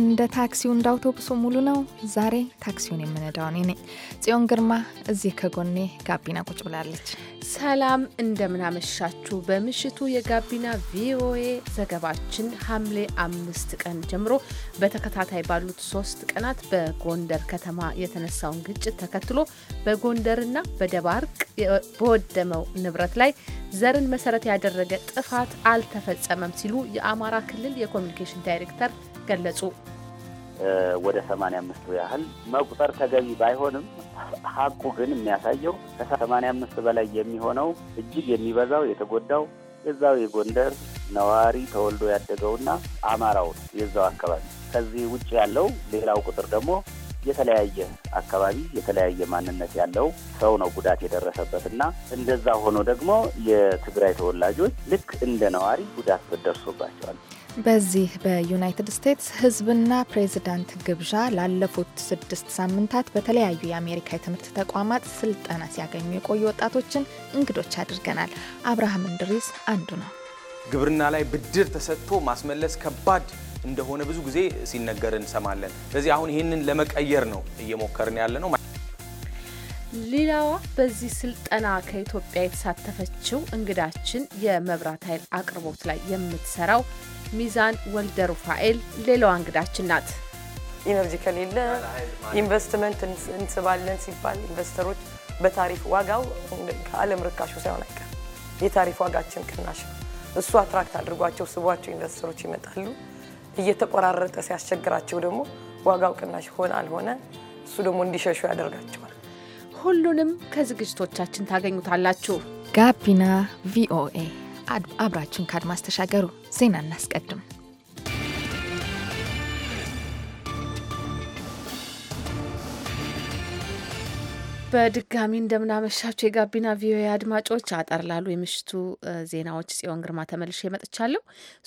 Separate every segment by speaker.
Speaker 1: እንደ ታክሲው እንደ አውቶቡሱ ሙሉ ነው። ዛሬ ታክሲውን የምነዳው እኔ ነኝ ጽዮን ግርማ። እዚህ ከጎኔ ጋቢና ቁጭ ብላለች።
Speaker 2: ሰላም እንደምናመሻችሁ። በምሽቱ የጋቢና ቪኦኤ ዘገባችን ሐምሌ አምስት ቀን ጀምሮ በተከታታይ ባሉት ሶስት ቀናት በጎንደር ከተማ የተነሳውን ግጭት ተከትሎ በጎንደርና በደባርቅ በወደመው ንብረት ላይ ዘርን መሰረት ያደረገ ጥፋት አልተፈጸመም ሲሉ የአማራ ክልል የኮሚኒኬሽን ዳይሬክተር ገለጹ።
Speaker 3: ወደ ሰማንያ አምስቱ ያህል መቁጠር ተገቢ ባይሆንም ሀቁ ግን የሚያሳየው ከሰማንያ አምስት በላይ የሚሆነው እጅግ የሚበዛው የተጎዳው የዛው የጎንደር ነዋሪ ተወልዶ ያደገውና አማራው የዛው አካባቢ ከዚህ ውጭ ያለው ሌላው ቁጥር ደግሞ የተለያየ አካባቢ የተለያየ ማንነት ያለው ሰው ነው ጉዳት የደረሰበት እና እንደዛ ሆኖ ደግሞ የትግራይ ተወላጆች ልክ እንደ ነዋሪ ጉዳት ደርሶባቸዋል።
Speaker 1: በዚህ በዩናይትድ ስቴትስ ህዝብና ፕሬዚዳንት ግብዣ ላለፉት ስድስት ሳምንታት በተለያዩ የአሜሪካ የትምህርት ተቋማት ስልጠና ሲያገኙ የቆዩ ወጣቶችን እንግዶች አድርገናል። አብርሃም እንድሪስ አንዱ ነው።
Speaker 4: ግብርና ላይ ብድር ተሰጥቶ ማስመለስ ከባድ እንደሆነ ብዙ ጊዜ ሲነገር እንሰማለን። ስለዚህ አሁን ይህንን ለመቀየር ነው እየሞከርን ያለ ነው።
Speaker 2: ሌላዋ በዚህ ስልጠና ከኢትዮጵያ የተሳተፈችው እንግዳችን የመብራት ኃይል አቅርቦት ላይ የምትሰራው ሚዛን ወልደ ሩፋኤል
Speaker 5: ሌላዋ እንግዳችን ናት። ኢነርጂ ከሌለ ኢንቨስትመንት እንስባለን ሲባል ኢንቨስተሮች በታሪፍ ዋጋው ከዓለም ርካሹ ሳይሆን አይቀር የታሪፍ ዋጋችን ቅናሽ እሱ አትራክት አድርጓቸው ስቧቸው ኢንቨስተሮች ይመጣሉ። እየተቆራረጠ ሲያስቸግራቸው ደግሞ ዋጋው ቅናሽ ሆነ አልሆነ እሱ ደግሞ እንዲሸሹ ያደርጋቸዋል።
Speaker 2: ሁሉንም ከዝግጅቶቻችን ታገኙታላችሁ። ጋቢና
Speaker 1: ቪኦኤ አብራችን ካድማስ ተሻገሩ። ዜና እናስቀድም።
Speaker 2: በድጋሚ እንደምናመሻቸው የጋቢና ቪኦኤ አድማጮች፣ አጠርላሉ የምሽቱ ዜናዎች ጽዮን ግርማ ተመልሼ መጥቻለሁ።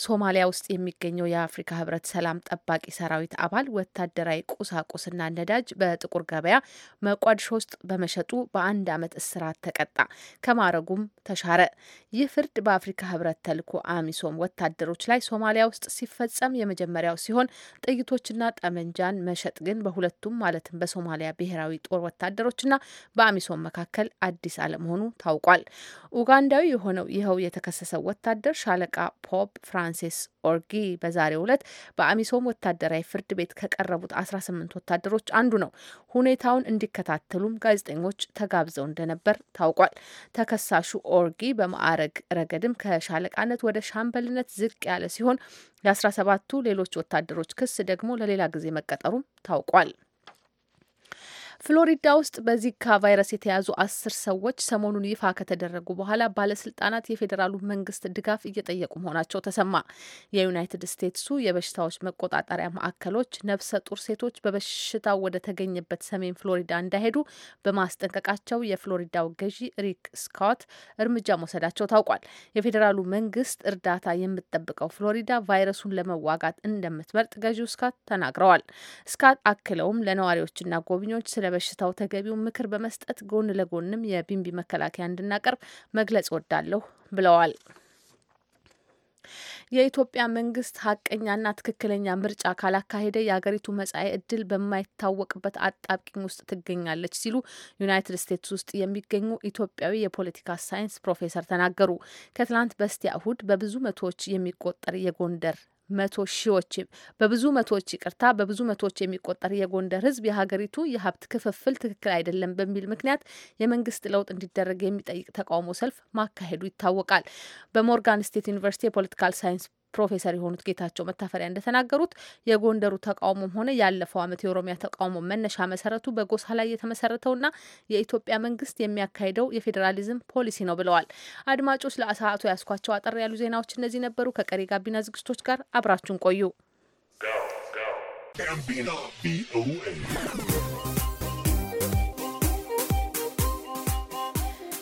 Speaker 2: ሶማሊያ ውስጥ የሚገኘው የአፍሪካ ህብረት ሰላም ጠባቂ ሰራዊት አባል ወታደራዊ ቁሳቁስና ነዳጅ በጥቁር ገበያ መቋድሾ ውስጥ በመሸጡ በአንድ ዓመት እስራት ተቀጣ፣ ከማረጉም ተሻረ። ይህ ፍርድ በአፍሪካ ህብረት ተልኮ አሚሶም ወታደሮች ላይ ሶማሊያ ውስጥ ሲፈጸም የመጀመሪያው ሲሆን ጥይቶችና ጠመንጃን መሸጥ ግን በሁለቱም ማለትም በሶማሊያ ብሔራዊ ጦር ወታደሮችና በአሚሶም መካከል አዲስ አለመሆኑ ታውቋል። ኡጋንዳዊ የሆነው ይኸው የተከሰሰው ወታደር ሻለቃ ፖፕ ፍራንሲስ ኦርጊ በዛሬው ዕለት በአሚሶም ወታደራዊ ፍርድ ቤት ከቀረቡት 18 ወታደሮች አንዱ ነው። ሁኔታውን እንዲከታተሉም ጋዜጠኞች ተጋብዘው እንደነበር ታውቋል። ተከሳሹ ኦርጊ በማዕረግ ረገድም ከሻለቃነት ወደ ሻምበልነት ዝቅ ያለ ሲሆን የ 17 ቱ ሌሎች ወታደሮች ክስ ደግሞ ለሌላ ጊዜ መቀጠሩም ታውቋል። ፍሎሪዳ ውስጥ በዚካ ቫይረስ የተያዙ አስር ሰዎች ሰሞኑን ይፋ ከተደረጉ በኋላ ባለስልጣናት የፌዴራሉ መንግስት ድጋፍ እየጠየቁ መሆናቸው ተሰማ። የዩናይትድ ስቴትሱ የበሽታዎች መቆጣጠሪያ ማዕከሎች ነፍሰ ጡር ሴቶች በበሽታው ወደ ተገኘበት ሰሜን ፍሎሪዳ እንዳይሄዱ በማስጠንቀቃቸው የፍሎሪዳው ገዢ ሪክ ስኮት እርምጃ መውሰዳቸው ታውቋል። የፌዴራሉ መንግስት እርዳታ የምትጠብቀው ፍሎሪዳ ቫይረሱን ለመዋጋት እንደምትመርጥ ገዢው ስኮት ተናግረዋል። ስኮት አክለውም ለነዋሪዎችና ጎብኚዎች ስለ ለበሽታው ተገቢውን ምክር በመስጠት ጎን ለጎንም የቢንቢ መከላከያ እንድናቀርብ መግለጽ ወዳለሁ ብለዋል። የኢትዮጵያ መንግስት ሀቀኛና ትክክለኛ ምርጫ ካላካሄደ የሀገሪቱ መጻኤ እድል በማይታወቅበት አጣብቂኝ ውስጥ ትገኛለች ሲሉ ዩናይትድ ስቴትስ ውስጥ የሚገኙ ኢትዮጵያዊ የፖለቲካ ሳይንስ ፕሮፌሰር ተናገሩ። ከትላንት በስቲያ እሁድ በብዙ መቶዎች የሚቆጠር የጎንደር መቶ ሺዎች በብዙ መቶዎች ይቅርታ በብዙ መቶዎች የሚቆጠር የጎንደር ህዝብ የሀገሪቱ የሀብት ክፍፍል ትክክል አይደለም በሚል ምክንያት የመንግስት ለውጥ እንዲደረግ የሚጠይቅ ተቃውሞ ሰልፍ ማካሄዱ ይታወቃል። በሞርጋን ስቴት ዩኒቨርሲቲ የፖለቲካል ሳይንስ ፕሮፌሰር የሆኑት ጌታቸው መታፈሪያ እንደተናገሩት የጎንደሩ ተቃውሞም ሆነ ያለፈው ዓመት የኦሮሚያ ተቃውሞ መነሻ መሰረቱ በጎሳ ላይ የተመሰረተውና የኢትዮጵያ መንግስት የሚያካሂደው የፌዴራሊዝም ፖሊሲ ነው ብለዋል። አድማጮች ለሰዓቱ ያስኳቸው አጠር ያሉ ዜናዎች እነዚህ ነበሩ። ከቀሪ ጋቢና ዝግጅቶች ጋር አብራችሁን ቆዩ።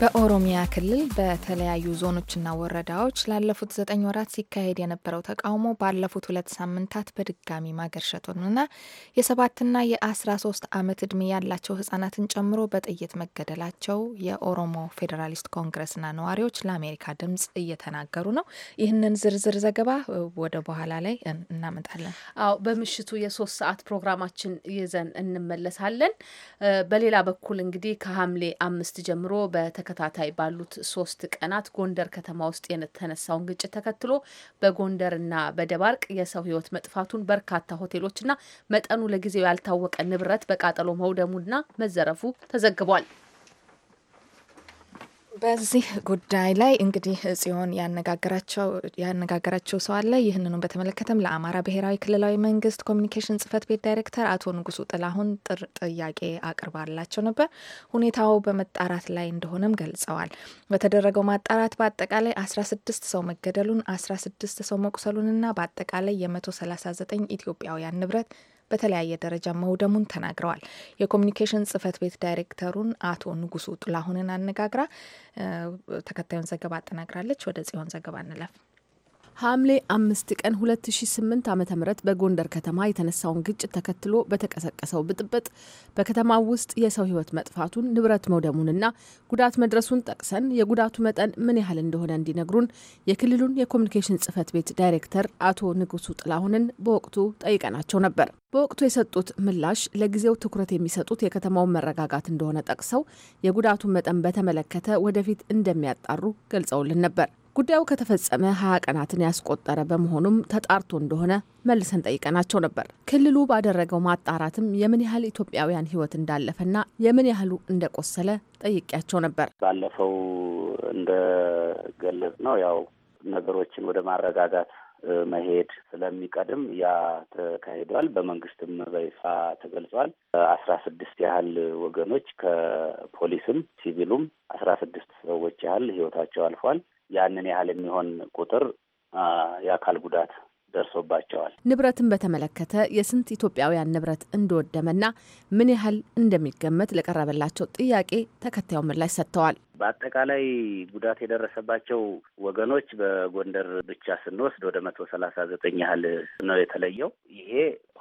Speaker 1: በኦሮሚያ ክልል በተለያዩ ዞኖችና ወረዳዎች ላለፉት ዘጠኝ ወራት ሲካሄድ የነበረው ተቃውሞ ባለፉት ሁለት ሳምንታት በድጋሚ ማገርሸቱንና የሰባትና የአስራ ሶስት ዓመት እድሜ ያላቸው ህጻናትን ጨምሮ በጥይት መገደላቸው የኦሮሞ ፌዴራሊስት ኮንግረስና ነዋሪዎች ለአሜሪካ ድምጽ እየተናገሩ ነው። ይህንን ዝርዝር ዘገባ ወደ በኋላ ላይ እናመጣለን።
Speaker 2: አዎ በምሽቱ የሶስት ሰዓት ፕሮግራማችን ይዘን እንመለሳለን። በሌላ በኩል እንግዲህ ከሐምሌ አምስት ጀምሮ በተ በተከታታይ ባሉት ሶስት ቀናት ጎንደር ከተማ ውስጥ የተነሳውን ግጭት ተከትሎ በጎንደርና በደባርቅ የሰው ህይወት መጥፋቱን በርካታ ሆቴሎችና መጠኑ ለጊዜው ያልታወቀ ንብረት በቃጠሎ መውደሙና መዘረፉ ተዘግቧል።
Speaker 1: በዚህ ጉዳይ ላይ እንግዲህ ጽዮን ያነጋገራቸው ሰው አለ። ይህንኑም በተመለከተም ለአማራ ብሔራዊ ክልላዊ መንግስት ኮሚኒኬሽን ጽህፈት ቤት ዳይሬክተር አቶ ንጉሱ ጥላሁን ጥር ጥያቄ አቅርባላቸው ነበር። ሁኔታው በመጣራት ላይ እንደሆነም ገልጸዋል። በተደረገው ማጣራት በአጠቃላይ 16 ሰው መገደሉን፣ 16 ሰው መቁሰሉንና በአጠቃላይ ሰላሳ ዘጠኝ ኢትዮጵያውያን ንብረት በተለያየ ደረጃ መውደሙን ተናግረዋል። የኮሚኒኬሽን ጽህፈት ቤት ዳይሬክተሩን አቶ ንጉሱ ጥላሁንን አነጋግራ ተከታዩን ዘገባ አጠናቅራለች።
Speaker 2: ወደ ጽዮን ዘገባ እንለፍ። ሐምሌ አምስት ቀን 2008 ዓ ም በጎንደር ከተማ የተነሳውን ግጭት ተከትሎ በተቀሰቀሰው ብጥብጥ በከተማ ውስጥ የሰው ሕይወት መጥፋቱን ንብረት መውደሙንና ጉዳት መድረሱን ጠቅሰን የጉዳቱ መጠን ምን ያህል እንደሆነ እንዲነግሩን የክልሉን የኮሚኒኬሽን ጽህፈት ቤት ዳይሬክተር አቶ ንጉሱ ጥላሁንን በወቅቱ ጠይቀናቸው ነበር። በወቅቱ የሰጡት ምላሽ ለጊዜው ትኩረት የሚሰጡት የከተማውን መረጋጋት እንደሆነ ጠቅሰው የጉዳቱን መጠን በተመለከተ ወደፊት እንደሚያጣሩ ገልጸውልን ነበር። ጉዳዩ ከተፈጸመ ሀያ ቀናትን ያስቆጠረ በመሆኑም ተጣርቶ እንደሆነ መልሰን ጠይቀናቸው ነበር። ክልሉ ባደረገው ማጣራትም የምን ያህል ኢትዮጵያውያን ሕይወት እንዳለፈና የምን ያህሉ እንደቆሰለ
Speaker 3: ጠይቂያቸው ነበር። ባለፈው እንደገለጽ ነው ያው ነገሮችን ወደ ማረጋጋት መሄድ ስለሚቀድም ያ ተካሂዷል። በመንግስትም በይፋ ተገልጿል። አስራ ስድስት ያህል ወገኖች ከፖሊስም ሲቪሉም አስራ ስድስት ሰዎች ያህል ህይወታቸው አልፏል። ያንን ያህል የሚሆን ቁጥር የአካል ጉዳት ደርሶባቸዋል።
Speaker 2: ንብረትን በተመለከተ የስንት ኢትዮጵያውያን ንብረት እንደወደመና ምን ያህል እንደሚገመት ለቀረበላቸው ጥያቄ ተከታዩ ምላሽ ሰጥተዋል።
Speaker 3: በአጠቃላይ ጉዳት የደረሰባቸው ወገኖች በጎንደር ብቻ ስንወስድ ወደ መቶ ሰላሳ ዘጠኝ ያህል ነው የተለየው። ይሄ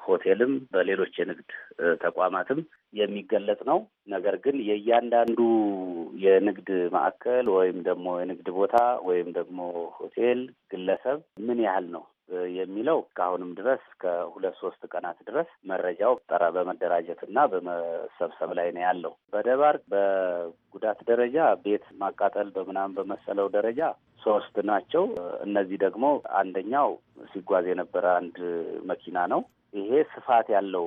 Speaker 3: ሆቴልም በሌሎች የንግድ ተቋማትም የሚገለጽ ነው። ነገር ግን የእያንዳንዱ የንግድ ማዕከል ወይም ደግሞ የንግድ ቦታ ወይም ደግሞ ሆቴል ግለሰብ ምን ያህል ነው የሚለው እስካሁንም ድረስ ከሁለት ሶስት ቀናት ድረስ መረጃው ጠራ በመደራጀት እና በመሰብሰብ ላይ ነው ያለው። በደባርቅ በጉዳት ደረጃ ቤት ማቃጠል በምናምን በመሰለው ደረጃ ሶስት ናቸው። እነዚህ ደግሞ አንደኛው ሲጓዝ የነበረ አንድ መኪና ነው። ይሄ ስፋት ያለው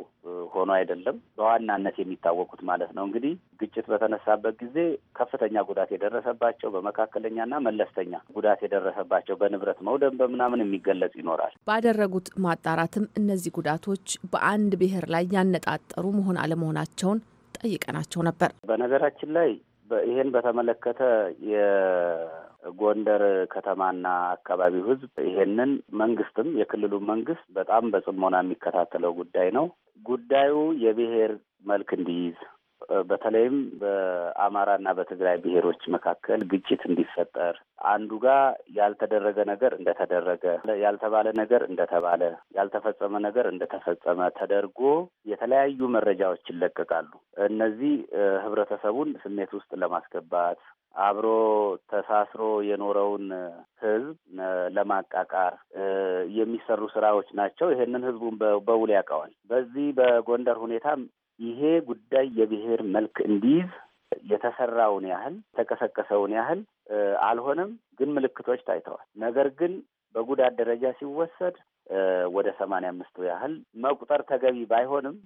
Speaker 3: ሆኖ አይደለም በዋናነት የሚታወቁት ማለት ነው። እንግዲህ ግጭት በተነሳበት ጊዜ ከፍተኛ ጉዳት የደረሰባቸው፣ በመካከለኛና መለስተኛ ጉዳት የደረሰባቸው በንብረት መውደም በምናምን የሚገለጽ ይኖራል።
Speaker 2: ባደረጉት ማጣራትም እነዚህ ጉዳቶች በአንድ ብሔር ላይ ያነጣጠሩ መሆን አለመሆናቸውን ጠይቀናቸው ነበር።
Speaker 3: በነገራችን ላይ ይሄን በተመለከተ ጎንደር ከተማና አካባቢው ህዝብ ይሄንን መንግስትም የክልሉ መንግስት በጣም በጽሞና የሚከታተለው ጉዳይ ነው። ጉዳዩ የብሔር መልክ እንዲይዝ በተለይም በአማራና በትግራይ ብሔሮች መካከል ግጭት እንዲፈጠር አንዱ ጋር ያልተደረገ ነገር እንደተደረገ፣ ያልተባለ ነገር እንደተባለ፣ ያልተፈጸመ ነገር እንደተፈጸመ ተደርጎ የተለያዩ መረጃዎች ይለቀቃሉ። እነዚህ ህብረተሰቡን ስሜት ውስጥ ለማስገባት አብሮ ተሳስሮ የኖረውን ህዝብ ለማቃቃር የሚሰሩ ስራዎች ናቸው። ይሄንን ህዝቡን በውል ያውቀዋል። በዚህ በጎንደር ሁኔታም ይሄ ጉዳይ የብሔር መልክ እንዲይዝ የተሰራውን ያህል የተቀሰቀሰውን ያህል አልሆነም፣ ግን ምልክቶች ታይተዋል። ነገር ግን በጉዳት ደረጃ ሲወሰድ ወደ ሰማንያ አምስቱ ያህል መቁጠር ተገቢ ባይሆንም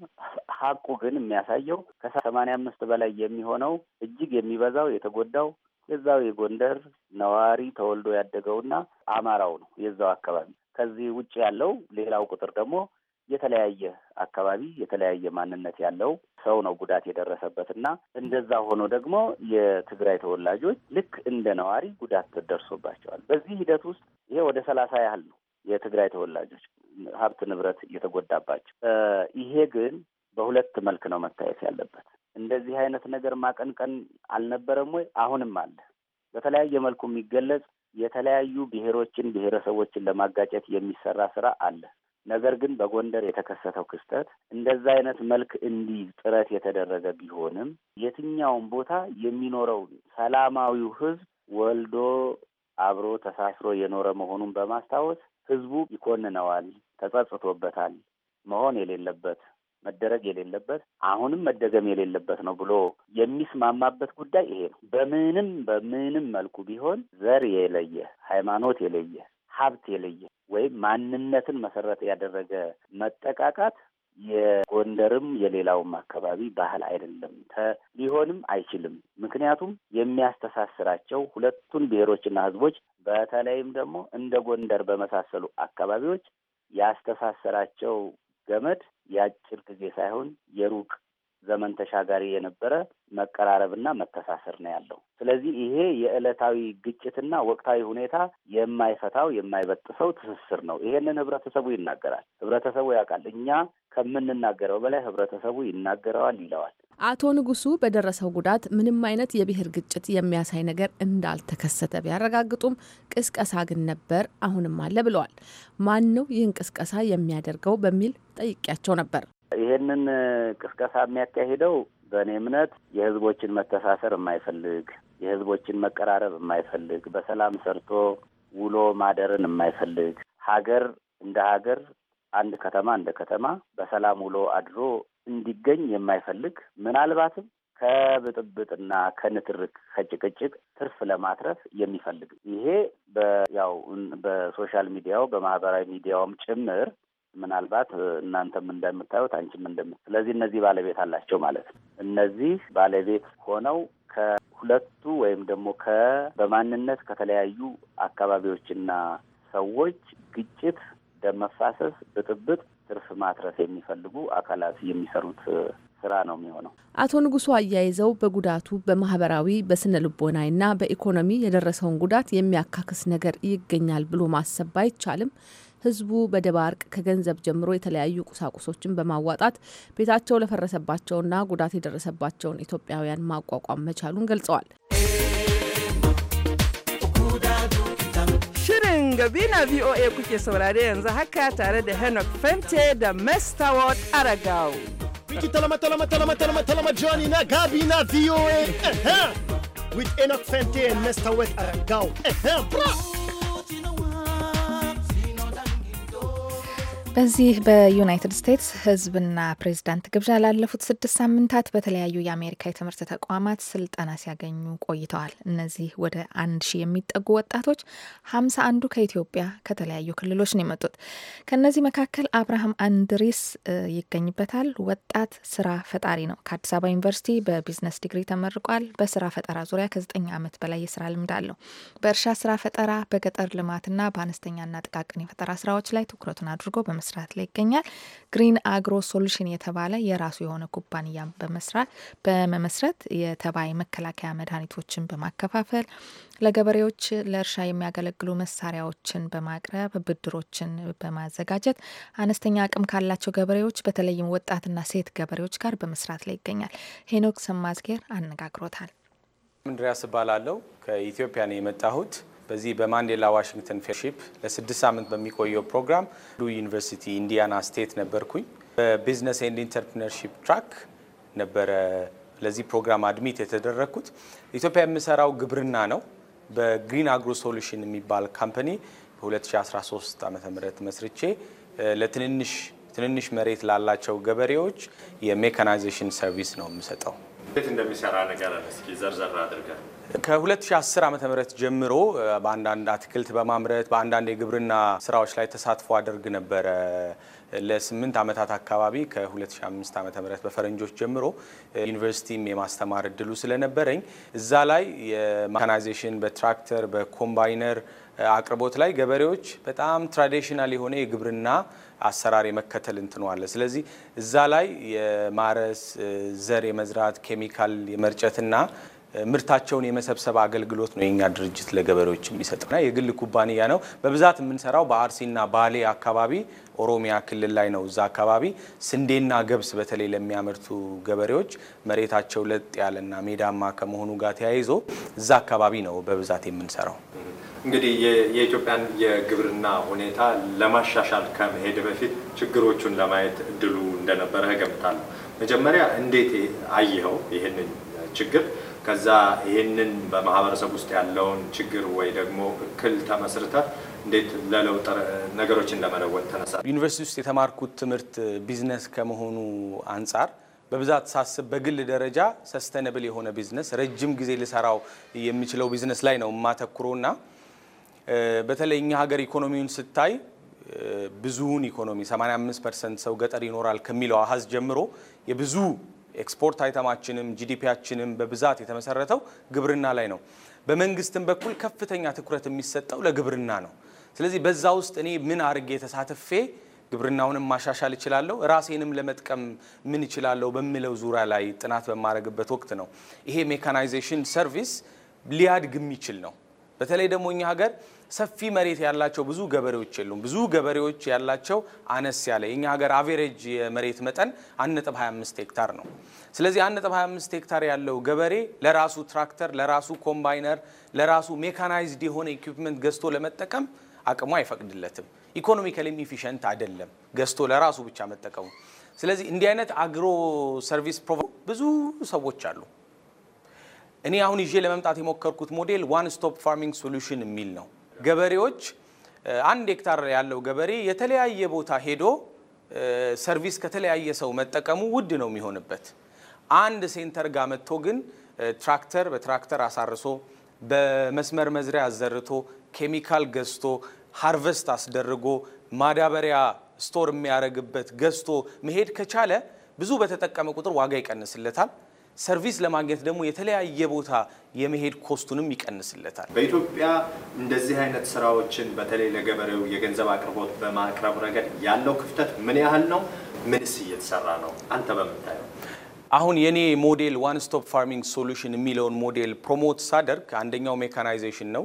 Speaker 3: ሀቁ ግን የሚያሳየው ከሰማንያ አምስት በላይ የሚሆነው እጅግ የሚበዛው የተጎዳው የዛው የጎንደር ነዋሪ ተወልዶ ያደገውና አማራው ነው የዛው አካባቢ። ከዚህ ውጭ ያለው ሌላው ቁጥር ደግሞ የተለያየ አካባቢ የተለያየ ማንነት ያለው ሰው ነው ጉዳት የደረሰበት እና እንደዛ ሆኖ ደግሞ የትግራይ ተወላጆች ልክ እንደ ነዋሪ ጉዳት ደርሶባቸዋል። በዚህ ሂደት ውስጥ ይሄ ወደ ሰላሳ ያህል ነው የትግራይ ተወላጆች ሀብት ንብረት እየተጎዳባቸው። ይሄ ግን በሁለት መልክ ነው መታየት ያለበት። እንደዚህ አይነት ነገር ማቀንቀን አልነበረም ወይ? አሁንም አለ። በተለያየ መልኩ የሚገለጽ የተለያዩ ብሔሮችን፣ ብሔረሰቦችን ለማጋጨት የሚሰራ ስራ አለ። ነገር ግን በጎንደር የተከሰተው ክስተት እንደዛ አይነት መልክ እንዲይዝ ጥረት የተደረገ ቢሆንም የትኛውም ቦታ የሚኖረውን ሰላማዊው ሕዝብ ወልዶ አብሮ ተሳስሮ የኖረ መሆኑን በማስታወስ ህዝቡ ይኮንነዋል፣ ተጸጽቶበታል። መሆን የሌለበት መደረግ የሌለበት አሁንም መደገም የሌለበት ነው ብሎ የሚስማማበት ጉዳይ ይሄ ነው። በምንም በምንም መልኩ ቢሆን ዘር የለየ ሃይማኖት የለየ ሀብት የለየ ወይም ማንነትን መሰረት ያደረገ መጠቃቃት የጎንደርም የሌላውም አካባቢ ባህል አይደለም ሊሆንም አይችልም። ምክንያቱም የሚያስተሳስራቸው ሁለቱን ብሔሮችና ህዝቦች በተለይም ደግሞ እንደ ጎንደር በመሳሰሉ አካባቢዎች ያስተሳሰራቸው ገመድ የአጭር ጊዜ ሳይሆን የሩቅ ዘመን ተሻጋሪ የነበረ መቀራረብና መተሳሰር ነው ያለው። ስለዚህ ይሄ የዕለታዊ ግጭትና ወቅታዊ ሁኔታ የማይፈታው የማይበጥሰው ትስስር ነው። ይሄንን ህብረተሰቡ ይናገራል፣ ህብረተሰቡ ያውቃል። እኛ ከምንናገረው በላይ ህብረተሰቡ ይናገረዋል ይለዋል።
Speaker 2: አቶ ንጉሱ በደረሰው ጉዳት ምንም አይነት የብሔር ግጭት የሚያሳይ ነገር እንዳልተከሰተ ቢያረጋግጡም ቅስቀሳ ግን ነበር፣ አሁንም አለ ብለዋል። ማን ነው ይህን ቅስቀሳ የሚያደርገው በሚል ጠይቄያቸው ነበር።
Speaker 3: ይሄንን ቅስቀሳ የሚያካሂደው በእኔ እምነት የህዝቦችን መተሳሰር የማይፈልግ የህዝቦችን መቀራረብ የማይፈልግ በሰላም ሰርቶ ውሎ ማደርን የማይፈልግ ሀገር እንደ ሀገር አንድ ከተማ እንደ ከተማ በሰላም ውሎ አድሮ እንዲገኝ የማይፈልግ ምናልባትም ከብጥብጥና ከንትርክ ከጭቅጭቅ ትርፍ ለማትረፍ የሚፈልግ ይሄ በያው በሶሻል ሚዲያው በማህበራዊ ሚዲያውም ጭምር ምናልባት እናንተም እንደምታዩት አንቺም እንደም ስለዚህ እነዚህ ባለቤት አላቸው ማለት ነው። እነዚህ ባለቤት ሆነው ከሁለቱ ወይም ደግሞ በማንነት ከተለያዩ አካባቢዎችና ሰዎች ግጭት፣ ደም መፋሰስ፣ ብጥብጥ ትርፍ ማትረፍ የሚፈልጉ አካላት የሚሰሩት ስራ ነው የሚሆነው።
Speaker 2: አቶ ንጉሱ አያይዘው በጉዳቱ በማህበራዊ በስነ ልቦናና በኢኮኖሚ የደረሰውን ጉዳት የሚያካክስ ነገር ይገኛል ብሎ ማሰብ አይቻልም ህዝቡ በደባርቅ ከገንዘብ ጀምሮ የተለያዩ ቁሳቁሶችን በማዋጣት ቤታቸው ለፈረሰባቸውና ጉዳት የደረሰባቸውን ኢትዮጵያውያን ማቋቋም መቻሉን ገልጸዋል።
Speaker 5: Shirin Gabina VOA kuke saurare yanzu haka tare da Henok Fente da Mestaward Aragao. Wiki talama talama talama talama talama Johnny na Gabina VOA. With Henok Fente and Mestaward Aragao. Bra!
Speaker 1: በዚህ በዩናይትድ ስቴትስ ህዝብና ፕሬዚዳንት ግብዣ ላለፉት ስድስት ሳምንታት በተለያዩ የአሜሪካ የትምህርት ተቋማት ስልጠና ሲያገኙ ቆይተዋል። እነዚህ ወደ አንድ ሺህ የሚጠጉ ወጣቶች ሀምሳ አንዱ ከኢትዮጵያ ከተለያዩ ክልሎች ነው የመጡት። ከእነዚህ መካከል አብርሃም አንድሪስ ይገኝበታል። ወጣት ስራ ፈጣሪ ነው። ከአዲስ አበባ ዩኒቨርሲቲ በቢዝነስ ዲግሪ ተመርቋል። በስራ ፈጠራ ዙሪያ ከዘጠኝ ዓመት በላይ የስራ ልምድ አለው። በእርሻ ስራ ፈጠራ፣ በገጠር ልማትና በአነስተኛና ጥቃቅን የፈጠራ ስራዎች ላይ ትኩረቱን አድርጎ በመስራት ላይ ይገኛል። ግሪን አግሮ ሶሉሽን የተባለ የራሱ የሆነ ኩባንያ በመስራት በመመስረት የተባይ መከላከያ መድኃኒቶችን በማከፋፈል ለገበሬዎች ለእርሻ የሚያገለግሉ መሳሪያዎችን በማቅረብ ብድሮችን በማዘጋጀት አነስተኛ አቅም ካላቸው ገበሬዎች በተለይም ወጣትና ሴት ገበሬዎች ጋር በመስራት ላይ ይገኛል። ሄኖክ ሰማዝጌር አነጋግሮታል።
Speaker 4: ምንድሪያስ እባላለሁ። ከኢትዮጵያ ነው የመጣሁት። በዚህ በማንዴላ ዋሽንግተን ፌሎሺፕ ለስድስት ሳምንት በሚቆየው ፕሮግራም ዱ ዩኒቨርሲቲ ኢንዲያና ስቴት ነበርኩኝ። በቢዝነስ ኤንድ ኢንተርፕሪነርሺፕ ትራክ ነበረ ለዚህ ፕሮግራም አድሚት የተደረግኩት። ኢትዮጵያ የምሰራው ግብርና ነው። በግሪን አግሮ ሶሉሽን የሚባል ካምፓኒ በ2013 ዓ ም መስርቼ ለትንንሽ ትንንሽ መሬት ላላቸው ገበሬዎች የሜካናይዜሽን ሰርቪስ ነው የምሰጠው።
Speaker 6: እንዴት እንደሚሰራ ነገር እስኪ ዘርዘር አድርገን
Speaker 4: ከ2010 ዓ.ም ጀምሮ በአንዳንድ አትክልት በማምረት በአንዳንድ የግብርና ስራዎች ላይ ተሳትፎ አድርግ ነበረ። ለስምንት ዓመታት አካባቢ ከ2005 ዓ.ም በፈረንጆች ጀምሮ ዩኒቨርሲቲም የማስተማር እድሉ ስለነበረኝ እዛ ላይ የማካናይዜሽን በትራክተር በኮምባይነር አቅርቦት ላይ ገበሬዎች በጣም ትራዲሽናል የሆነ የግብርና አሰራር የመከተል እንትኑ አለ። ስለዚህ እዛ ላይ የማረስ ዘር የመዝራት ኬሚካል የመርጨትና ምርታቸውን የመሰብሰብ አገልግሎት ነው የኛ ድርጅት ለገበሬዎች ና የግል ኩባንያ ነው። በብዛት የምንሰራው በአርሲና ባሌ አካባቢ ኦሮሚያ ክልል ላይ ነው። እዛ አካባቢ ስንዴና ገብስ በተለይ ለሚያመርቱ ገበሬዎች መሬታቸው ለጥ ያለና ሜዳማ ከመሆኑ ጋር ተያይዞ እዛ አካባቢ ነው በብዛት የምንሰራው።
Speaker 6: እንግዲህ የኢትዮጵያን የግብርና ሁኔታ ለማሻሻል ከመሄድ በፊት ችግሮቹን ለማየት እድሉ እንደነበረ እገምታለሁ። መጀመሪያ እንዴት አየኸው ይህንን ችግር? ከዛ ይህንን በማህበረሰብ ውስጥ ያለውን ችግር ወይ ደግሞ እክል ተመስርተ እንዴት ለለውጥ ነገሮችን ለመለወጥ ተነሳ?
Speaker 4: ዩኒቨርሲቲ ውስጥ የተማርኩት ትምህርት ቢዝነስ ከመሆኑ አንጻር በብዛት ሳስብ በግል ደረጃ ሰስተነብል የሆነ ቢዝነስ ረጅም ጊዜ ልሰራው የሚችለው ቢዝነስ ላይ ነው የማተኩረውና በተለይ እኛ ሀገር ኢኮኖሚውን ስታይ ብዙውን ኢኮኖሚ 85 ፐርሰንት ሰው ገጠር ይኖራል ከሚለው አሀዝ ጀምሮ የብዙ ኤክስፖርት አይተማችንም ጂዲፒያችንም በብዛት የተመሰረተው ግብርና ላይ ነው። በመንግስትም በኩል ከፍተኛ ትኩረት የሚሰጠው ለግብርና ነው። ስለዚህ በዛ ውስጥ እኔ ምን አድርጌ ተሳትፌ ግብርናውንም ማሻሻል እችላለሁ፣ ራሴንም ለመጥቀም ምን እችላለሁ በሚለው ዙሪያ ላይ ጥናት በማድረግበት ወቅት ነው ይሄ ሜካናይዜሽን ሰርቪስ ሊያድግ የሚችል ነው። በተለይ ደግሞ እኛ ሀገር ሰፊ መሬት ያላቸው ብዙ ገበሬዎች የሉም። ብዙ ገበሬዎች ያላቸው አነስ ያለ የእኛ ሀገር አቬሬጅ የመሬት መጠን 1.25 ሄክታር ነው። ስለዚህ 1.25 ሄክታር ያለው ገበሬ ለራሱ ትራክተር፣ ለራሱ ኮምባይነር፣ ለራሱ ሜካናይዝድ የሆነ ኢኩፕመንት ገዝቶ ለመጠቀም አቅሙ አይፈቅድለትም። ኢኮኖሚካሊም ኢፊሸንት አይደለም ገዝቶ ለራሱ ብቻ መጠቀሙ። ስለዚህ እንዲህ አይነት አግሮ ሰርቪስ ብዙ ሰዎች አሉ። እኔ አሁን ይዤ ለመምጣት የሞከርኩት ሞዴል ዋን ስቶፕ ፋርሚንግ ሶሉሽን የሚል ነው። ገበሬዎች አንድ ሄክታር ያለው ገበሬ የተለያየ ቦታ ሄዶ ሰርቪስ ከተለያየ ሰው መጠቀሙ ውድ ነው የሚሆንበት። አንድ ሴንተር ጋር መጥቶ ግን ትራክተር በትራክተር አሳርሶ በመስመር መዝሪያ አዘርቶ ኬሚካል ገዝቶ ሃርቨስት አስደርጎ ማዳበሪያ ስቶር የሚያደርግበት ገዝቶ መሄድ ከቻለ ብዙ በተጠቀመ ቁጥር ዋጋ ይቀንስለታል። ሰርቪስ ለማግኘት ደግሞ የተለያየ ቦታ የመሄድ ኮስቱንም ይቀንስለታል። በኢትዮጵያ
Speaker 6: እንደዚህ አይነት ስራዎችን በተለይ ለገበሬው የገንዘብ አቅርቦት በማቅረብ ረገድ ያለው ክፍተት ምን ያህል ነው? ምንስ እየተሰራ ነው? አንተ በምታየው
Speaker 4: አሁን የኔ ሞዴል ዋን ስቶፕ ፋርሚንግ ሶሉሽን የሚለውን ሞዴል ፕሮሞት ሳደርግ አንደኛው ሜካናይዜሽን ነው።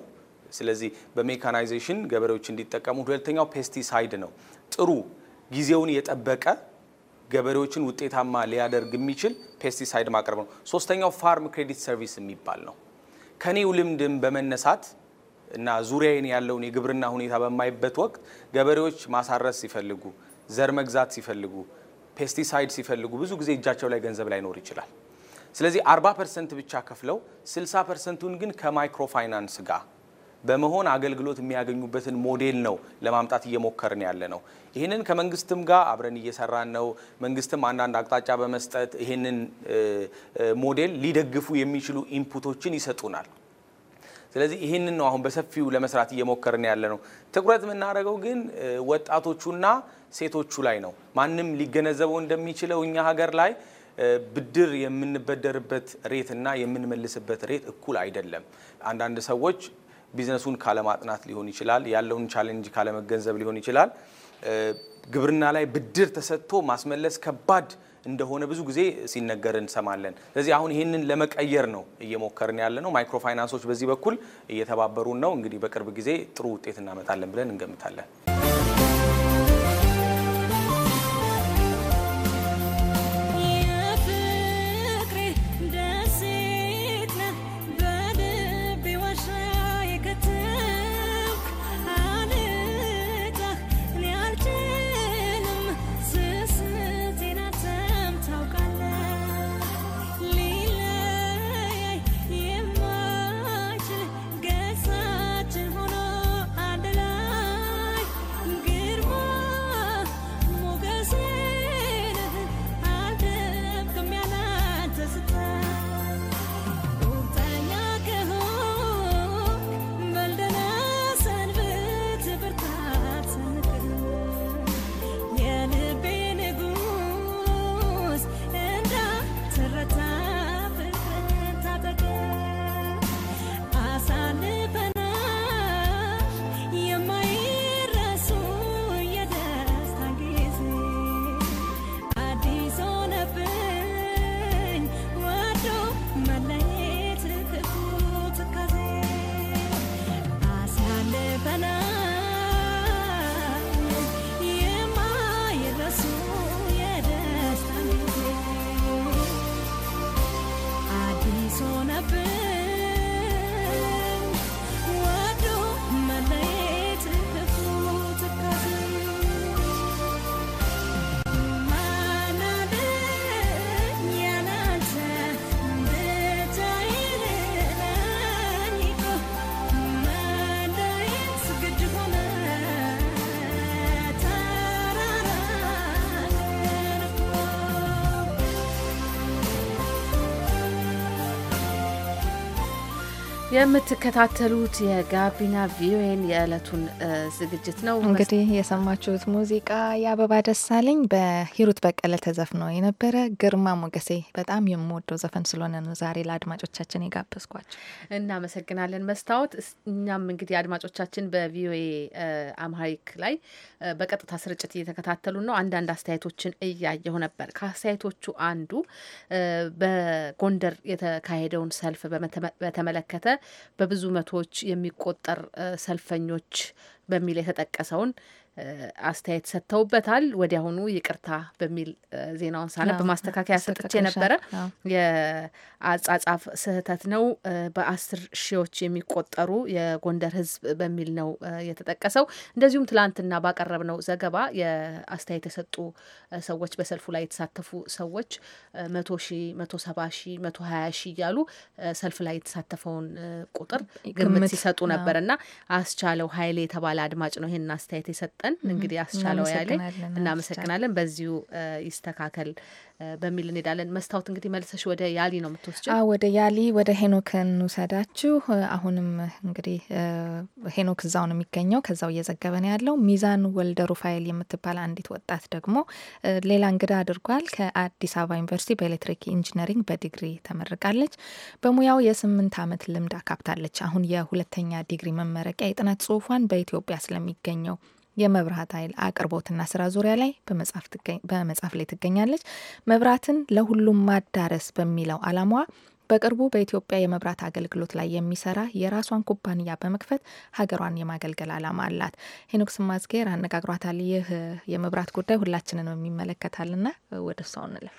Speaker 4: ስለዚህ በሜካናይዜሽን ገበሬዎች እንዲጠቀሙ፣ ሁለተኛው ፔስቲሳይድ ነው። ጥሩ ጊዜውን የጠበቀ ገበሬዎችን ውጤታማ ሊያደርግ የሚችል ፔስቲሳይድ ማቅረብ ነው። ሶስተኛው ፋርም ክሬዲት ሰርቪስ የሚባል ነው። ከኔው ልምድም በመነሳት እና ዙሪያዬን ያለውን የግብርና ሁኔታ በማይበት ወቅት ገበሬዎች ማሳረስ ሲፈልጉ፣ ዘር መግዛት ሲፈልጉ፣ ፔስቲሳይድ ሲፈልጉ ብዙ ጊዜ እጃቸው ላይ ገንዘብ ላይኖር ይችላል። ስለዚህ 40 ፐርሰንት ብቻ ከፍለው 60 ፐርሰንቱን ግን ከማይክሮ ፋይናንስ ጋር በመሆን አገልግሎት የሚያገኙበትን ሞዴል ነው ለማምጣት እየሞከርን ያለ ነው። ይህንን ከመንግስትም ጋር አብረን እየሰራን ነው። መንግስትም አንዳንድ አቅጣጫ በመስጠት ይህንን ሞዴል ሊደግፉ የሚችሉ ኢንፑቶችን ይሰጡናል። ስለዚህ ይህንን ነው አሁን በሰፊው ለመስራት እየሞከርን ያለ ነው። ትኩረት የምናደርገው ግን ወጣቶቹና ሴቶቹ ላይ ነው። ማንም ሊገነዘበው እንደሚችለው እኛ ሀገር ላይ ብድር የምንበደርበት ሬት እና የምንመልስበት ሬት እኩል አይደለም። አንዳንድ ሰዎች ቢዝነሱን ካለማጥናት ሊሆን ይችላል፣ ያለውን ቻሌንጅ ካለመገንዘብ ሊሆን ይችላል። ግብርና ላይ ብድር ተሰጥቶ ማስመለስ ከባድ እንደሆነ ብዙ ጊዜ ሲነገር እንሰማለን። ስለዚህ አሁን ይህንን ለመቀየር ነው እየሞከርን ያለ ነው። ማይክሮ ፋይናንሶች በዚህ በኩል እየተባበሩን ነው። እንግዲህ በቅርብ ጊዜ ጥሩ ውጤት እናመጣለን ብለን እንገምታለን።
Speaker 2: የምትከታተሉት የጋቢና ቪኦኤን የዕለቱን ዝግጅት ነው። እንግዲህ
Speaker 1: የሰማችሁት ሙዚቃ የአበባ ደሳለኝ በሂሩት በቀለ ተዘፍኖ የነበረ ግርማ ሞገሴ በጣም የምወደው ዘፈን ስለሆነ ነው ዛሬ ለአድማጮቻችን የጋበዝኳቸው።
Speaker 2: እናመሰግናለን መስታወት። እኛም እንግዲህ አድማጮቻችን በቪኦኤ አምሃሪክ ላይ በቀጥታ ስርጭት እየተከታተሉ ነው። አንዳንድ አስተያየቶችን እያየሁ ነበር። ከአስተያየቶቹ አንዱ በጎንደር የተካሄደውን ሰልፍ በተመለከተ በብዙ መቶዎች የሚቆጠር ሰልፈኞች በሚል የተጠቀሰውን አስተያየት ሰጥተውበታል። ወዲያውኑ ይቅርታ በሚል ዜናውን ሳለ በማስተካከያ ሰጥቼ ነበረ። የአጻጻፍ ስህተት ነው። በአስር ሺዎች የሚቆጠሩ የጎንደር ሕዝብ በሚል ነው የተጠቀሰው። እንደዚሁም ትላንትና ባቀረብነው ዘገባ የአስተያየት የሰጡ ሰዎች በሰልፉ ላይ የተሳተፉ ሰዎች መቶ ሺ መቶ ሰባ ሺ መቶ ሀያ ሺ እያሉ ሰልፍ ላይ የተሳተፈውን ቁጥር ግምት ሲሰጡ ነበር እና አስቻለው ኃይሌ የተባለ አድማጭ ነው ይህን አስተያየት የሰጠ መጠን እንግዲህ አስቻለው ያለ እናመሰግናለን። በዚሁ ይስተካከል በሚል እንሄዳለን። መስታወት እንግዲህ መልሰሽ ወደ ያሊ ነው የምትወስጂው? ወደ
Speaker 1: ያሊ ወደ ሄኖክ እንውሰዳችሁ። አሁንም እንግዲህ ሄኖክ እዛው ነው የሚገኘው፣ ከዛው እየዘገበ ነው ያለው። ሚዛን ወልደ ሩፋኤል የምትባል አንዲት ወጣት ደግሞ ሌላ እንግዳ አድርጓል። ከአዲስ አበባ ዩኒቨርሲቲ በኤሌክትሪክ ኢንጂነሪንግ በዲግሪ ተመርቃለች። በሙያው የስምንት ዓመት ልምድ አካብታለች። አሁን የሁለተኛ ዲግሪ መመረቂያ የጥናት ጽሁፏን በኢትዮጵያ ስለሚገኘው የመብራት ኃይል አቅርቦትና ስራ ዙሪያ ላይ በመጽሐፍ ላይ ትገኛለች። መብራትን ለሁሉም ማዳረስ በሚለው አላማዋ በቅርቡ በኢትዮጵያ የመብራት አገልግሎት ላይ የሚሰራ የራሷን ኩባንያ በመክፈት ሀገሯን የማገልገል አላማ አላት። ሄኖክ ማዝጌር አነጋግሯታል። ይህ የመብራት ጉዳይ ሁላችንን
Speaker 5: የሚመለከታልና ወደ እሷ እንለፍ።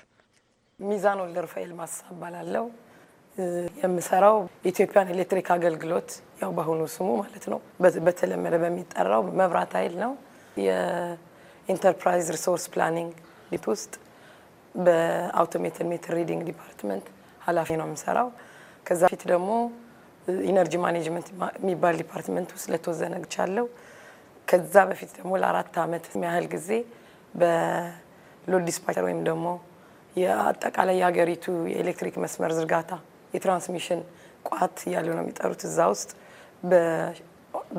Speaker 5: ሚዛን ወልደርፋኤል ማሳ እባላለሁ። የምሰራው የኢትዮጵያን ኤሌክትሪክ አገልግሎት ያው በአሁኑ ስሙ ማለት ነው በተለመደ በሚጠራው መብራት ኃይል ነው። የኢንተርፕራይዝ ሪሶርስ ፕላኒንግ ዲት ውስጥ በአውቶሜትድ ሜትር ሪዲንግ ዲፓርትመንት ኃላፊ ነው የምሰራው። ከዛ ፊት ደግሞ ኢነርጂ ማኔጅመንት የሚባል ዲፓርትመንት ውስጥ ለተወሰነ ነግቻለሁ። ከዛ በፊት ደግሞ ለአራት ዓመት የሚያህል ጊዜ በሎድ ዲስፓቸር ወይም ደግሞ የአጠቃላይ የሀገሪቱ የኤሌክትሪክ መስመር ዝርጋታ የትራንስሚሽን ቋት እያሉ ነው የሚጠሩት። እዛ ውስጥ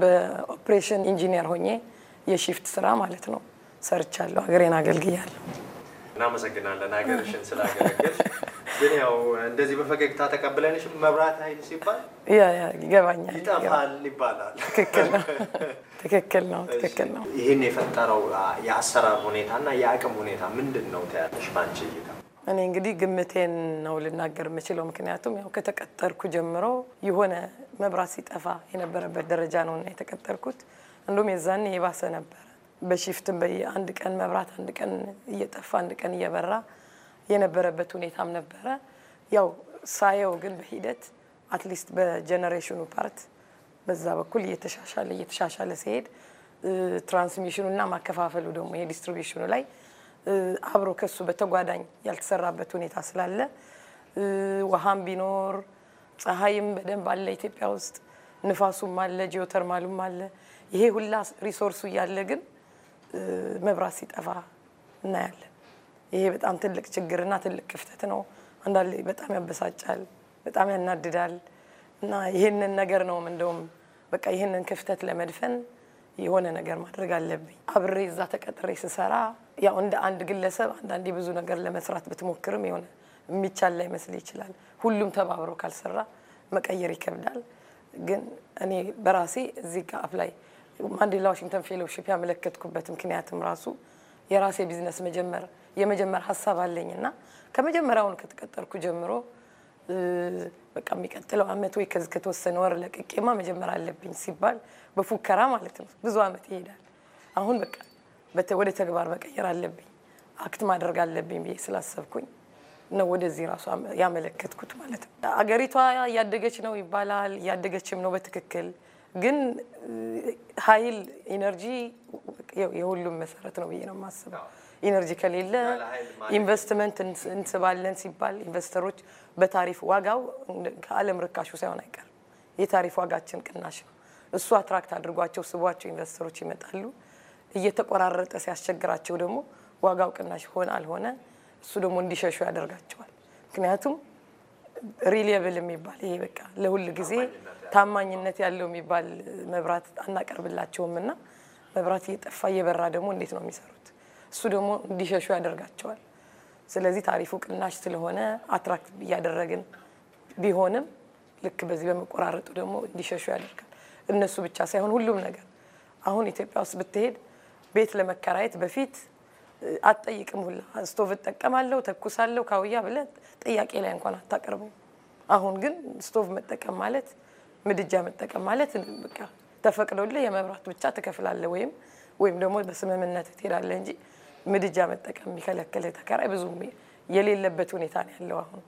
Speaker 5: በኦፕሬሽን ኢንጂኒየር ሆኜ የሺፍት ስራ ማለት ነው ሰርቻለሁ። ሀገሬን አገልግያለሁ።
Speaker 6: እናመሰግናለን ሀገርሽን ስላገለገልሽ። ግን ያው እንደዚህ በፈገግታ ተቀብለንሽ መብራት ኃይል ሲባል
Speaker 5: ያ ያ ይገባኛል፣ ይጠፋል ይባላል። ትክክል ነው፣ ትክክል ነው፣ ትክክል ነው። ይህን
Speaker 6: የፈጠረው የአሰራር ሁኔታ እና የአቅም ሁኔታ ምንድን ነው ትያለሽ በአንቺ እይታ?
Speaker 5: እኔ እንግዲህ ግምቴን ነው ልናገር የምችለው። ምክንያቱም ያው ከተቀጠርኩ ጀምሮ የሆነ መብራት ሲጠፋ የነበረበት ደረጃ ነው እና የተቀጠርኩት። እንዲሁም የዛን የባሰ ነበረ። በሽፍትም በየአንድ ቀን መብራት አንድ ቀን እየጠፋ አንድ ቀን እየበራ የነበረበት ሁኔታም ነበረ። ያው ሳየው ግን በሂደት አትሊስት በጀኔሬሽኑ ፓርት በዛ በኩል እየተሻሻለ እየተሻሻለ ሲሄድ ትራንስሚሽኑ እና ማከፋፈሉ ደግሞ የዲስትሪቢሽኑ ላይ አብሮ ከሱ በተጓዳኝ ያልተሰራበት ሁኔታ ስላለ ውሃም ቢኖር ፀሐይም በደንብ አለ ኢትዮጵያ ውስጥ፣ ንፋሱም አለ፣ ጂኦተርማሉም አለ። ይሄ ሁላ ሪሶርሱ እያለ ግን መብራት ሲጠፋ እናያለን። ይሄ በጣም ትልቅ ችግርና ትልቅ ክፍተት ነው። አንዳንዴ በጣም ያበሳጫል፣ በጣም ያናድዳል እና ይህንን ነገር ነውም እንደውም በቃ ይህንን ክፍተት ለመድፈን የሆነ ነገር ማድረግ አለብኝ። አብሬ እዛ ተቀጥሬ ስሰራ ያው እንደ አንድ ግለሰብ አንዳንዴ ብዙ ነገር ለመስራት ብትሞክርም የሆነ የሚቻል ላይመስል ይችላል። ሁሉም ተባብሮ ካልሰራ መቀየር ይከብዳል። ግን እኔ በራሴ እዚህ ጋር ላይ ማንዴላ ዋሽንግተን ፌሎውሺፕ ያመለከትኩበት ምክንያትም ራሱ የራሴ ቢዝነስ መጀመር የመጀመር ሀሳብ አለኝና ከመጀመሪያውን ከተቀጠርኩ ጀምሮ በቃ የሚቀጥለው አመት ወይ ከዚህ ከተወሰነ ወር ለቅቄማ መጀመር አለብኝ ሲባል በፉከራ ማለት ነው ብዙ አመት ይሄዳል። አሁን በቃ ወደ ተግባር መቀየር አለብኝ አክት ማድረግ አለብኝ ብዬ ስላሰብኩኝ ነው ወደዚህ ራሱ ያመለከትኩት ማለት ነው። አገሪቷ እያደገች ነው ይባላል፣ እያደገችም ነው በትክክል ግን ኃይል ኢነርጂ የሁሉም መሰረት ነው ብዬ ነው የማስበው። ኢነርጂ ከሌለ ኢንቨስትመንት እንስባለን ሲባል ኢንቨስተሮች በታሪፍ ዋጋው ከዓለም ርካሹ ሳይሆን አይቀርም። የታሪፍ ዋጋችን ቅናሽ ነው። እሱ አትራክት አድርጓቸው ስቧቸው ኢንቨስተሮች ይመጣሉ። እየተቆራረጠ ሲያስቸግራቸው ደግሞ ዋጋው ቅናሽ ሆነ አልሆነ እሱ ደግሞ እንዲሸሹ ያደርጋቸዋል። ምክንያቱም ሪሊየብል የሚባል ይሄ በቃ ለሁል ጊዜ ታማኝነት ያለው የሚባል መብራት አናቀርብላቸውም እና መብራት እየጠፋ እየበራ ደግሞ እንዴት ነው የሚሰሩ? እሱ ደግሞ እንዲሸሹ ያደርጋቸዋል። ስለዚህ ታሪፉ ቅናሽ ስለሆነ አትራክት እያደረግን ቢሆንም ልክ በዚህ በመቆራረጡ ደግሞ እንዲሸሹ ያደርጋል። እነሱ ብቻ ሳይሆን ሁሉም ነገር አሁን ኢትዮጵያ ውስጥ ብትሄድ ቤት ለመከራየት በፊት አትጠይቅም ሁላ ስቶቭ እጠቀማለሁ ተኩሳለሁ ካውያ ብለህ ጥያቄ ላይ እንኳን አታቀርበው። አሁን ግን ስቶቭ መጠቀም ማለት ምድጃ መጠቀም ማለት በቃ ተፈቅዶልህ የመብራት ብቻ ትከፍላለህ ወይም ወይም ደግሞ በስምምነት ትሄዳለህ እንጂ ምድጃ መጠቀም የሚከለክል ተከራይ ብዙም የሌለበት ሁኔታ ነው ያለው። አሁን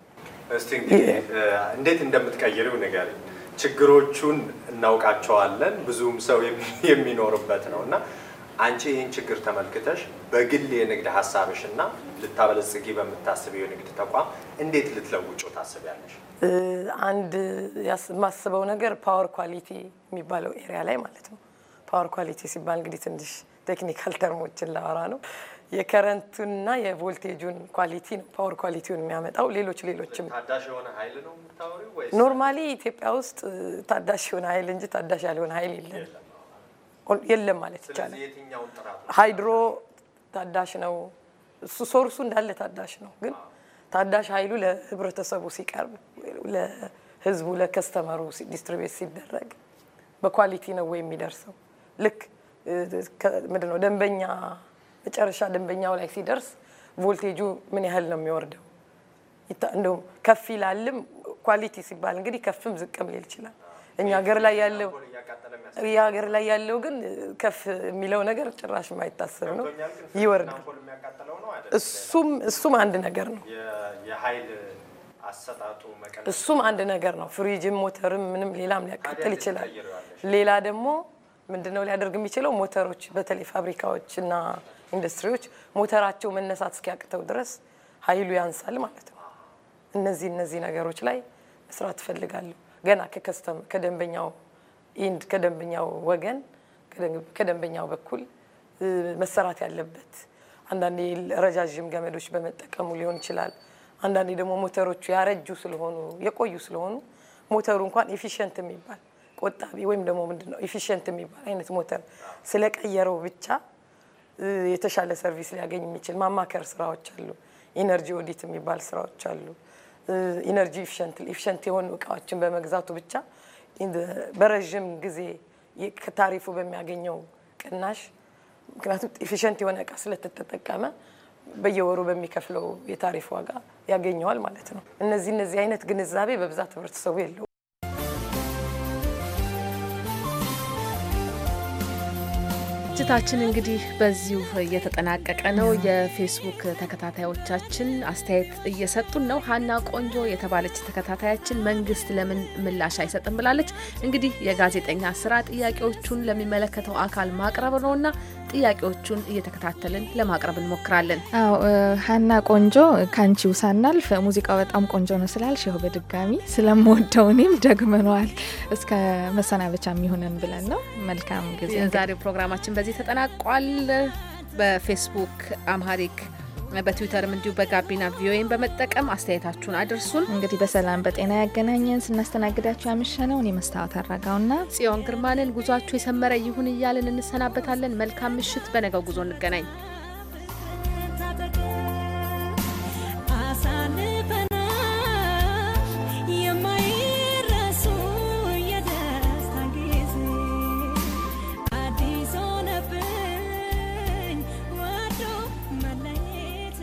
Speaker 6: እስቲ እንግዲህ እንዴት እንደምትቀይሪው ንገሪኝ። ችግሮቹን እናውቃቸዋለን ብዙም ሰው የሚኖርበት ነው እና አንቺ ይህን ችግር ተመልክተሽ በግል የንግድ ሀሳብሽ እና ልታበለጽጊ በምታስብ የንግድ ተቋም እንዴት ልትለውጩ ታስቢያለሽ?
Speaker 5: አንድ የማስበው ነገር ፓወር ኳሊቲ የሚባለው ኤሪያ ላይ ማለት ነው። ፓወር ኳሊቲ ሲባል እንግዲህ ትንሽ ቴክኒካል ተርሞችን ላወራ ነው የከረንቱንና የቮልቴጁን ኳሊቲ ነው ፓወር ኳሊቲውን የሚያመጣው። ሌሎች ሌሎችም ኖርማሊ ኢትዮጵያ ውስጥ ታዳሽ የሆነ ኃይል እንጂ ታዳሽ ያልሆነ ኃይል የለም የለም ማለት ይቻላል። ሃይድሮ ታዳሽ ነው፣ እሱ ሶርሱ እንዳለ ታዳሽ ነው። ግን ታዳሽ ኃይሉ ለህብረተሰቡ ሲቀርብ ለህዝቡ ለከስተመሩ ዲስትሪቤት ሲደረግ በኳሊቲ ነው ወይ የሚደርሰው? ልክ ምንድን ነው ደንበኛ መጨረሻ ደንበኛው ላይ ሲደርስ ቮልቴጁ ምን ያህል ነው የሚወርደው? እንደውም ከፍ ይላልም። ኳሊቲ ሲባል እንግዲህ ከፍም ዝቅም ሊል ይችላል። እኛ ሀገር ላይ ያለው ሀገር ላይ ያለው ግን ከፍ የሚለው ነገር ጭራሽ የማይታሰብ ነው፣ ይወርዳል። እሱም እሱም አንድ ነገር ነው። እሱም አንድ ነገር ነው። ፍሪጅም ሞተርም ምንም ሌላም ሊያቃጥል ይችላል። ሌላ ደግሞ ምንድነው ሊያደርግ የሚችለው ሞተሮች በተለይ ፋብሪካዎች እና ኢንዱስትሪዎች ሞተራቸው መነሳት እስኪያቅተው ድረስ ኃይሉ ያንሳል ማለት ነው። እነዚህ እነዚህ ነገሮች ላይ መስራት እፈልጋለሁ። ገና ከከስተም ከደንበኛው ኢንድ ከደንበኛው ወገን ከደንበኛው በኩል መሰራት ያለበት አንዳንዴ ረጃዥም ገመዶች በመጠቀሙ ሊሆን ይችላል። አንዳንዴ ደግሞ ሞተሮቹ ያረጁ ስለሆኑ የቆዩ ስለሆኑ ሞተሩ እንኳን ኤፊሽንት የሚባል ቆጣቢ ወይም ደግሞ ምንድነው ኤፊሽንት የሚባል አይነት ሞተር ስለቀየረው ብቻ የተሻለ ሰርቪስ ሊያገኝ የሚችል ማማከር ስራዎች አሉ። ኢነርጂ ኦዲት የሚባል ስራዎች አሉ። ኢነርጂ ኢፊሸንት ኢፊሸንት የሆኑ እቃዎችን በመግዛቱ ብቻ በረዥም ጊዜ ከታሪፉ በሚያገኘው ቅናሽ ምክንያቱም ኢፊሸንት የሆነ እቃ ስለተጠቀመ በየወሩ በሚከፍለው የታሪፍ ዋጋ ያገኘዋል ማለት ነው። እነዚህ እነዚህ አይነት ግንዛቤ በብዛት ህብረተሰቡ የለው።
Speaker 2: ዝግጅታችን እንግዲህ በዚሁ እየተጠናቀቀ ነው። የፌስቡክ ተከታታዮቻችን አስተያየት እየሰጡን ነው። ሀና ቆንጆ የተባለች ተከታታያችን መንግስት ለምን ምላሽ አይሰጥም ብላለች። እንግዲህ የጋዜጠኛ ስራ ጥያቄዎቹን ለሚመለከተው አካል ማቅረብ ነውና ጥያቄዎቹን እየተከታተልን ለማቅረብ እንሞክራለን። አዎ
Speaker 1: ሀና ቆንጆ ካንቺው ሳናልፍ ሙዚቃው በጣም ቆንጆ ነው ስላልሽ ይኸው በድጋሚ ስለምወደው እኔም ደግመነዋል እስከ መሰናበቻ የሚሆነን ብለን ነው። መልካም ጊዜ። የዛሬው
Speaker 2: ፕሮግራማችን በዚህ ተጠናቋል። በፌስቡክ አምሃሪክ በትዊተርም እንዲሁ በጋቢና ቪኦኤን በመጠቀም አስተያየታችሁን አድርሱን። እንግዲህ በሰላም በጤና ያገናኘን።
Speaker 1: ስናስተናግዳችሁ ያመሸነው እኔ መስታወት አረጋውና ጽዮን ግርማንን ጉዟችሁ የሰመረ ይሁን
Speaker 2: እያልን እንሰናበታለን። መልካም ምሽት። በነገው ጉዞ እንገናኝ።